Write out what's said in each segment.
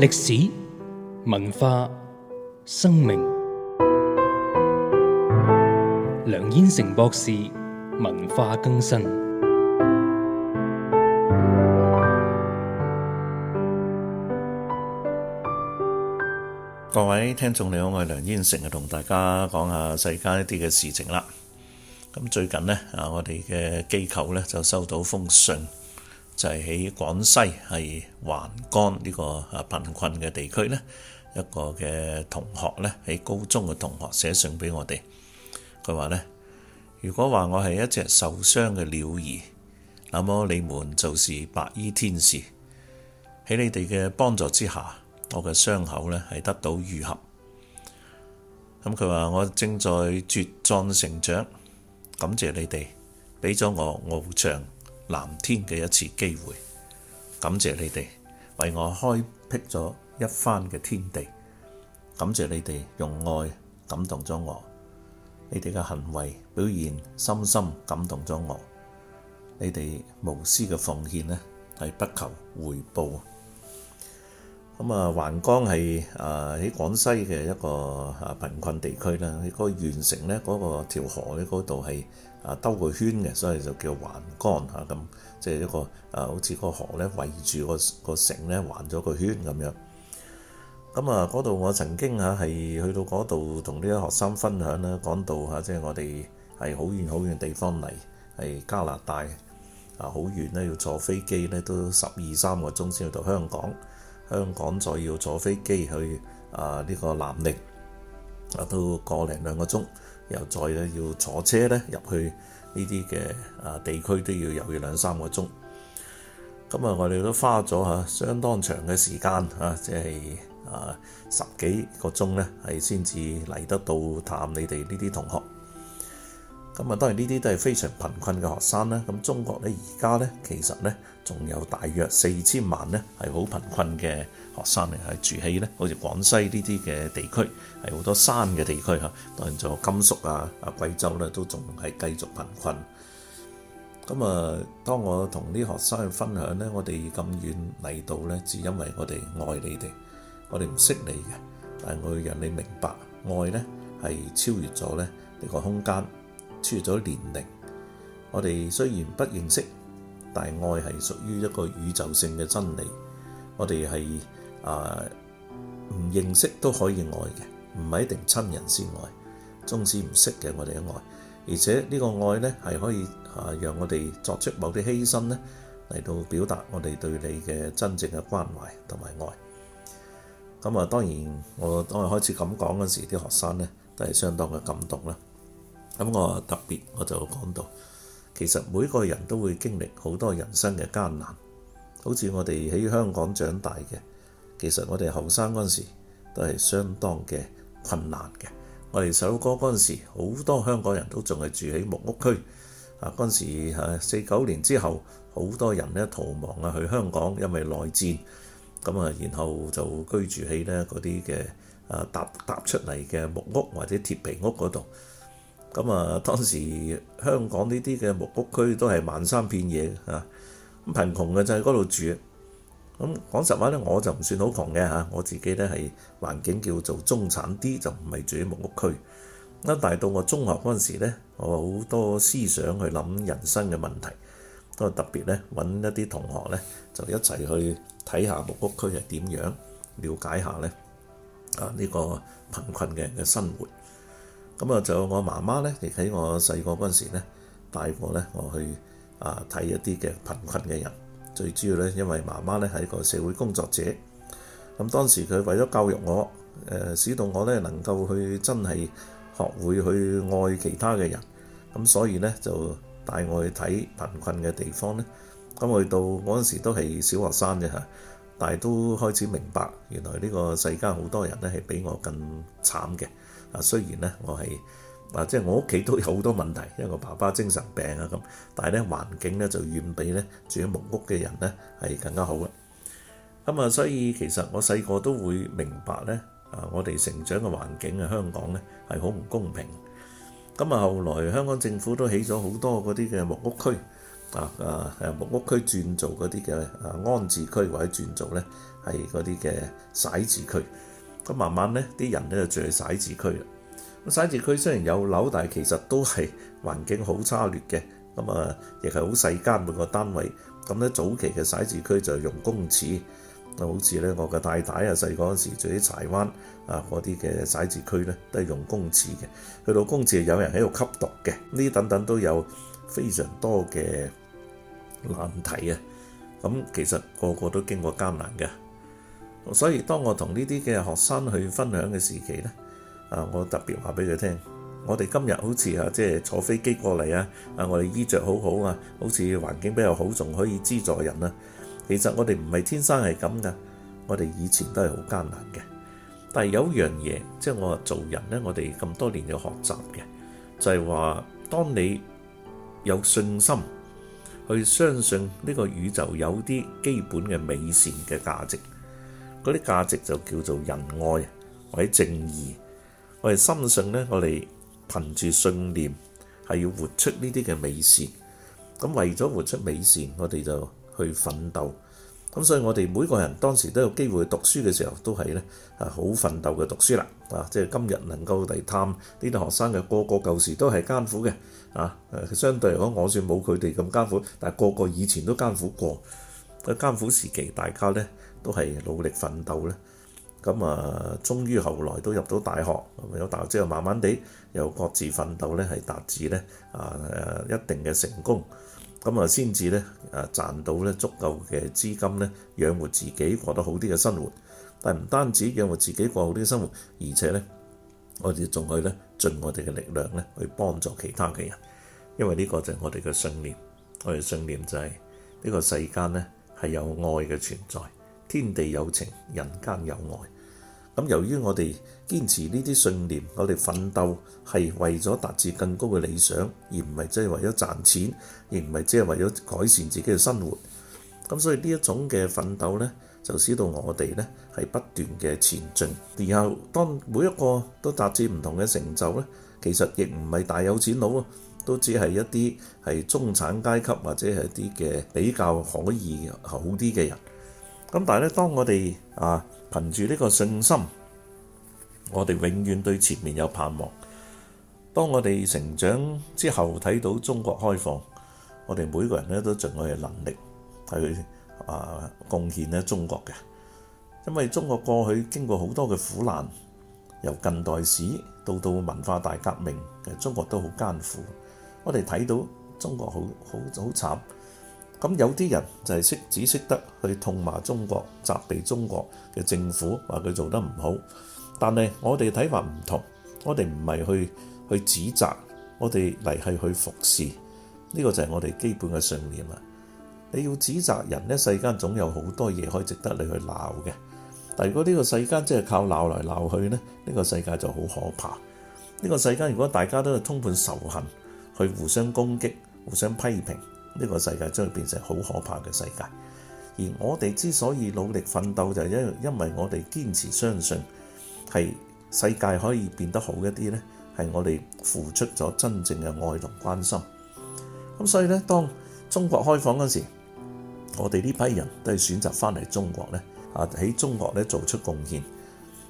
歷史、文化、生命，梁燕城博士文化更新。各位聽眾你好，我係梁燕城啊，同大家講下世界一啲嘅事情啦。咁最近呢啊，我哋嘅機構咧就收到封信。就係喺廣西係環江呢、這個啊貧困嘅地區咧，一個嘅同學咧喺高中嘅同學寫信俾我哋，佢話咧：如果話我係一隻受傷嘅鳥兒，那麼你們就是白衣天使喺你哋嘅幫助之下，我嘅傷口咧係得到愈合。咁佢話：我正在茁壯成長，感謝你哋俾咗我翱翔。藍天嘅一次機會，感謝你哋為我開闢咗一番嘅天地，感謝你哋用愛感動咗我，你哋嘅行為表現深深感動咗我，你哋無私嘅奉獻呢係不求回報。咁啊，環江係啊喺廣西嘅一個啊貧困地區啦。佢、嗰個縣城咧，嗰、嗰個條河嗰度係啊兜個圈嘅，所以就叫環江嚇。咁即係一個啊，好似個河咧圍住個個城咧，環咗個圈咁樣。咁啊，嗰度我曾經嚇係、啊、去到嗰度同啲學生分享啦，講到嚇即係我哋係好遠好遠地方嚟，係加拿大啊，好遠咧要坐飛機咧都十二三個鐘先去到香港。香港再要坐飛機去啊呢個南寧啊都個零兩個鐘，又再要坐車咧入去呢啲嘅啊地區都要又要兩三個鐘。今日我哋都花咗嚇、啊、相當長嘅時間嚇，即係啊、就是、啊十幾個鐘咧係先至嚟得到探你哋呢啲同學。咁啊，當然呢啲都係非常貧困嘅學生啦。咁中國咧而家咧，其實咧仲有大約四千萬咧係好貧困嘅學生嚟，係住喺咧好似廣西呢啲嘅地區，係好多山嘅地區嚇。當然仲有甘肅啊、啊貴州咧都仲係繼續貧困。咁啊，當我同啲學生去分享咧，我哋咁遠嚟到咧，只因為我哋愛你哋，我哋唔識你嘅，但係我要讓你明白，愛咧係超越咗咧呢個空間。出咗年齡，我哋雖然不認識，但愛係屬於一個宇宙性嘅真理。我哋係啊唔認識都可以愛嘅，唔係一定親人先愛，縱使唔識嘅我哋嘅愛。而且呢個愛呢係可以啊讓我哋作出某啲犧牲呢，嚟到表達我哋對你嘅真正嘅關懷同埋愛。咁啊，當然我當我開始咁講嗰時，啲學生呢都係相當嘅感動啦。咁我特別我就講到，其實每個人都會經歷好多人生嘅艱難。好似我哋喺香港長大嘅，其實我哋後生嗰陣時都係相當嘅困難嘅。我哋細個嗰陣時，好多香港人都仲係住喺木屋區啊。嗰陣時係四九年之後，好多人咧逃亡啊去香港，因為內戰咁啊，然後就居住喺咧嗰啲嘅搭搭出嚟嘅木屋或者鐵皮屋嗰度。咁啊，當時香港呢啲嘅木屋區都係萬山遍野嚇，咁貧窮嘅就喺嗰度住。咁講實話咧，我就唔算好窮嘅嚇，我自己咧係環境叫做中產啲，就唔係住喺木屋區。咁但係到我中學嗰陣時咧，我好多思想去諗人生嘅問題，都特別咧揾一啲同學咧就一齊去睇下木屋區係點樣，了解一下咧啊呢個貧困嘅人嘅生活。咁啊，就我媽媽咧，亦喺我細個嗰陣時咧，帶我咧，我去啊睇一啲嘅貧困嘅人。最主要咧，因為媽媽咧係一個社會工作者，咁當時佢為咗教育我，誒使到我咧能夠去真係學會去愛其他嘅人。咁所以咧就帶我去睇貧困嘅地方咧。咁去到嗰陣時都係小學生嘅嚇，但係都開始明白，原來呢個世間好多人咧係比我更慘嘅。啊，雖然咧，我係啊，即係我屋企都有好多問題，因為我爸爸精神病啊咁，但係咧環境咧就遠比咧住喺木屋嘅人咧係更加好啦。咁啊，所以其實我細個都會明白咧，啊，我哋成長嘅環境啊，香港咧係好唔公平。咁啊，後來香港政府都起咗好多嗰啲嘅木屋區啊啊，係木屋區轉做嗰啲嘅啊安置區，或者轉做咧係嗰啲嘅徙置區。咁慢慢咧，啲人咧就住喺徙置區啦。咁徙置區雖然有樓，但係其實都係環境好差劣嘅。咁啊，亦係好細間每個單位。咁咧，早期嘅徙置區就係用公廁，好似咧我嘅太太啊，細個嗰陣時住喺柴灣啊嗰啲嘅徙置區咧，都係用公廁嘅。去到公廁，有人喺度吸毒嘅，呢等等都有非常多嘅難題啊。咁其實個個都經過艱難嘅。所以當我同呢啲嘅學生去分享嘅時期咧，啊，我特別話俾佢聽，我哋今日好似啊，即係坐飛機過嚟啊，啊，我哋衣着好好啊，好似環境比較好，仲可以資助人啊。其實我哋唔係天生係咁噶，我哋以前都係好艱難嘅。但係有樣嘢，即係我話做人咧，我哋咁多年要學習嘅，就係話，當你有信心去相信呢個宇宙有啲基本嘅美善嘅價值。嗰啲價值就叫做仁愛或者正義，我哋深信呢，我哋憑住信念係要活出呢啲嘅美善。咁為咗活出美善，我哋就去奮鬥。咁所以我哋每個人當時都有機會去讀書嘅時候，都係呢啊好奮鬥嘅讀書啦。啊，即係今日能夠嚟探呢啲學生嘅個個舊時都係艱苦嘅。啊，誒，相對嚟講，我算冇佢哋咁艱苦，但係個個以前都艱苦過。喺艱苦時期，大家呢。都係努力奮鬥咧，咁啊，終於後來都入到大學，為咗大學之後慢慢地又各自奮鬥咧，係達至咧啊誒、啊、一定嘅成功，咁啊先至咧誒賺到咧足夠嘅資金咧，養活自己過得好啲嘅生活。但係唔單止養活自己過好啲嘅生活，而且咧我哋仲去咧盡我哋嘅力量咧去幫助其他嘅人，因為呢個就係我哋嘅信念。我哋信念就係、是、呢、呢個世間咧係有愛嘅存在。天地有情，人間有愛。咁由於我哋堅持呢啲信念，我哋奮鬥係為咗達至更高嘅理想，而唔係即係為咗賺錢，而唔係即係為咗改善自己嘅生活。咁所以呢一種嘅奮鬥呢，就使到我哋呢係不斷嘅前進。然後當每一個都達至唔同嘅成就呢，其實亦唔係大有錢佬啊，都只係一啲係中產階級或者係一啲嘅比較可以好啲嘅人。咁但係咧，當我哋啊憑住呢個信心，我哋永遠對前面有盼望。當我哋成長之後，睇到中國開放，我哋每個人咧都盡我嘅能力去啊貢獻咧中國嘅。因為中國過去經過好多嘅苦難，由近代史到到文化大革命，其實中國都好艱苦。我哋睇到中國好好好慘。咁有啲人就係識只識得去痛罵中國、責備中國嘅政府，話佢做得唔好。但係我哋睇法唔同，我哋唔係去去指責，我哋嚟係去服侍，呢個就係我哋基本嘅信念啦。你要指責人呢，世間總有好多嘢可以值得你去鬧嘅。但係如果呢個世間真係靠鬧來鬧去呢，呢個世界就好可怕。呢個世間如果大家都係充滿仇恨去互相攻擊、互相批評。呢個世界將會變成好可怕嘅世界，而我哋之所以努力奮鬥，就因、是、因為我哋堅持相信係世界可以變得好一啲呢，係我哋付出咗真正嘅愛同關心。咁所以呢，當中國開放嗰時候，我哋呢批人都係選擇翻嚟中國呢啊，喺中國咧做出貢獻。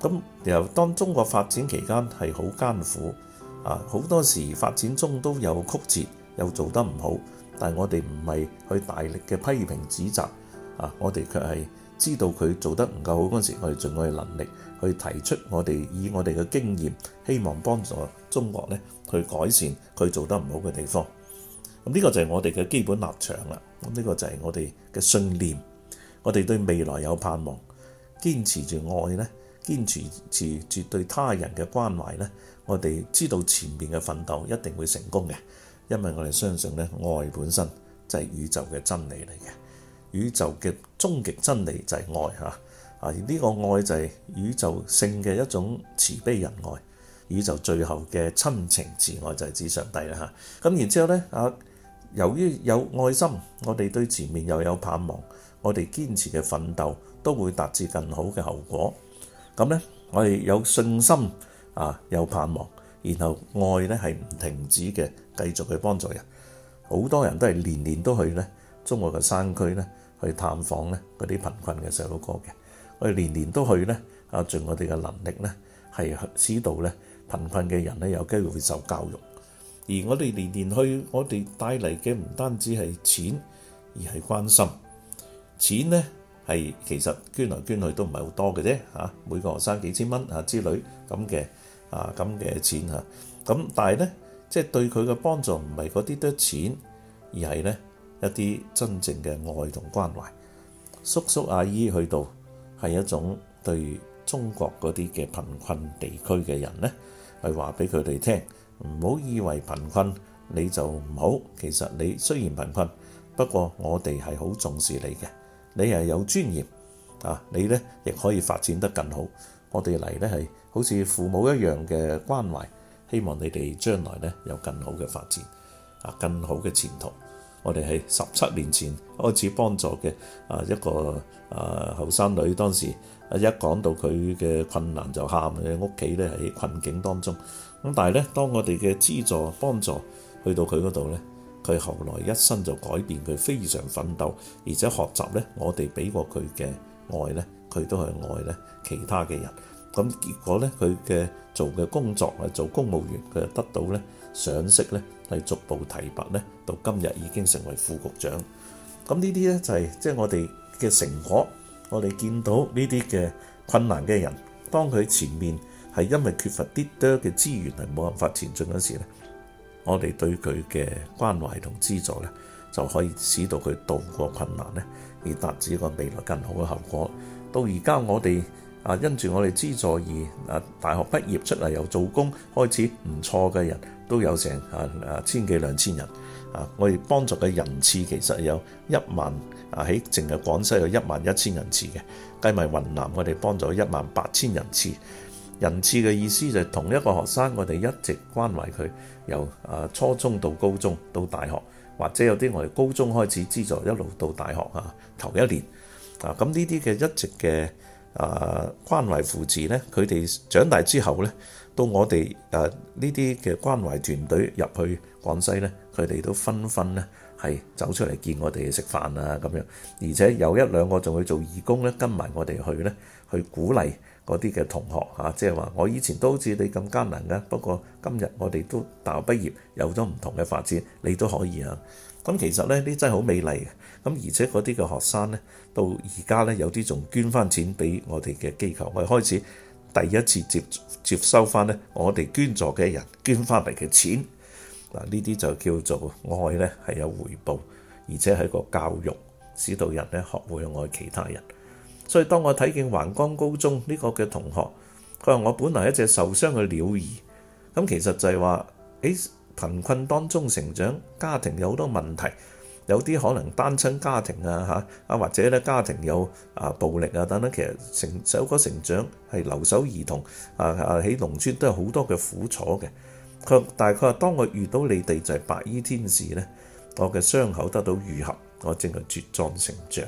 咁由當中國發展期間係好艱苦啊，好多時發展中都有曲折，又做得唔好。但係我哋唔係去大力嘅批評指責，啊！我哋卻係知道佢做得唔夠好嗰陣時，我哋盡我嘅能力去提出我哋以我哋嘅經驗，希望幫助中國咧去改善佢做得唔好嘅地方。咁呢個就係我哋嘅基本立場啦。咁呢個就係我哋嘅信念。我哋對未來有盼望，堅持住愛咧，堅持住對他人嘅關懷咧，我哋知道前面嘅奮鬥一定會成功嘅。因為我哋相信咧，愛本身就係宇宙嘅真理嚟嘅，宇宙嘅終極真理就係愛嚇。啊，呢個愛就係宇宙性嘅一種慈悲仁愛，宇宙最後嘅親情慈愛就係指上帝啦嚇。咁然之後咧，啊，由於有愛心，我哋對前面又有盼望，我哋堅持嘅奮鬥都會達至更好嘅後果。咁咧，我哋有信心啊，有盼望。然後愛咧係唔停止嘅，繼續去幫助人。好多人都係年年都去咧，中國嘅山區咧去探訪咧嗰啲貧困嘅細路哥嘅。我哋年年都去咧，啊盡我哋嘅能力咧係指導咧貧困嘅人咧有機會會受教育。而我哋年年去，我哋帶嚟嘅唔單止係錢，而係關心。錢咧係其實捐來捐去都唔係好多嘅啫嚇，每個學生幾千蚊啊之類咁嘅。啊咁嘅錢嚇，咁但係咧，即係對佢嘅幫助唔係嗰啲多錢，而係咧一啲真正嘅愛同關懷。叔叔阿姨去到係一種對中國嗰啲嘅貧困地區嘅人咧，係話俾佢哋聽，唔好以為貧困你就唔好，其實你雖然貧困，不過我哋係好重視你嘅，你係有尊嚴啊，你咧亦可以發展得更好。我哋嚟呢係好似父母一樣嘅關懷，希望你哋將來呢有更好嘅發展，啊更好嘅前途。我哋係十七年前開始幫助嘅啊一個啊後生女，當時一講到佢嘅困難就喊嘅，屋企呢喺困境當中。咁但係呢，當我哋嘅資助幫助去到佢嗰度呢，佢後來一生就改變，佢非常奮鬥，而且學習呢，我哋俾過佢嘅愛呢。佢都係愛咧其他嘅人，咁結果咧，佢嘅做嘅工作係做公務員，佢就得到咧賞識咧，係逐步提拔咧，到今日已經成為副局長。咁呢啲咧就係即係我哋嘅成果。我哋見到呢啲嘅困難嘅人，當佢前面係因為缺乏啲多嘅資源係冇辦法前進嗰時咧，我哋對佢嘅關懷同資助咧，就可以使到佢度過困難咧，而達至一個未來更好嘅效果。到而家我哋啊因住我哋資助而啊大學畢業出嚟，由做工開始唔錯嘅人都有成啊啊千幾兩千人啊！我哋幫助嘅人次其實有一萬啊，喺淨係廣西有一萬一千人次嘅，計埋雲南我哋幫咗一萬八千人次。人次嘅意思就係同一個學生我哋一直關懷佢，由啊初中到高中到大學，或者有啲我哋高中開始資助一路到大學啊頭一年。啊，咁呢啲嘅一直嘅啊關懷扶持咧，佢哋長大之後咧，到我哋啊呢啲嘅關懷團隊入去廣西咧，佢哋都紛紛咧係走出嚟見我哋食飯啊咁樣，而且有一兩個仲去做義工咧，跟埋我哋去咧，去鼓勵嗰啲嘅同學嚇，即係話我以前都好似你咁艱難嘅，不過今日我哋都大學畢業，有咗唔同嘅發展，你都可以啊。咁其實咧，呢啲真係好美麗嘅。咁而且嗰啲嘅學生咧，到而家咧有啲仲捐翻錢俾我哋嘅機構。我哋開始第一次接接收翻咧，我哋捐助嘅人捐翻嚟嘅錢。嗱，呢啲就叫做愛咧，係有回報，而且係個教育，指導人咧學會愛其他人。所以當我睇見橫江高中呢個嘅同學，佢話我本來一隻受傷嘅鳥兒。咁其實就係話，誒貧困當中成長，家庭有好多問題，有啲可能單親家庭啊嚇，啊或者咧家庭有啊暴力啊等等，但其實成首個成長係留守兒童，啊啊喺農村都有好多嘅苦楚嘅。佢大概話：當我遇到你哋就係白衣天使咧，我嘅傷口得到愈合，我正係茁壯成長。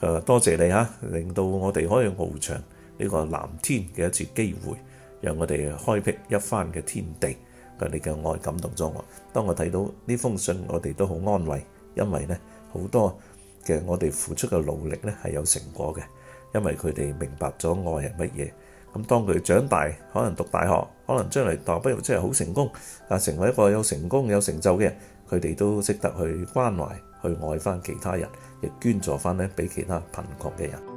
誒多謝你嚇，令到我哋可以翱翔呢個藍天嘅一次機會，讓我哋開闢一番嘅天地。佢哋嘅愛感動咗我。當我睇到呢封信，我哋都好安慰，因為呢好多嘅我哋付出嘅努力呢係有成果嘅。因為佢哋明白咗愛係乜嘢。咁當佢長大，可能讀大學，可能將來當不如即係好成功，啊成為一個有成功有成就嘅人，佢哋都識得去關懷，去愛翻其他人，亦捐助翻呢俾其他貧窮嘅人。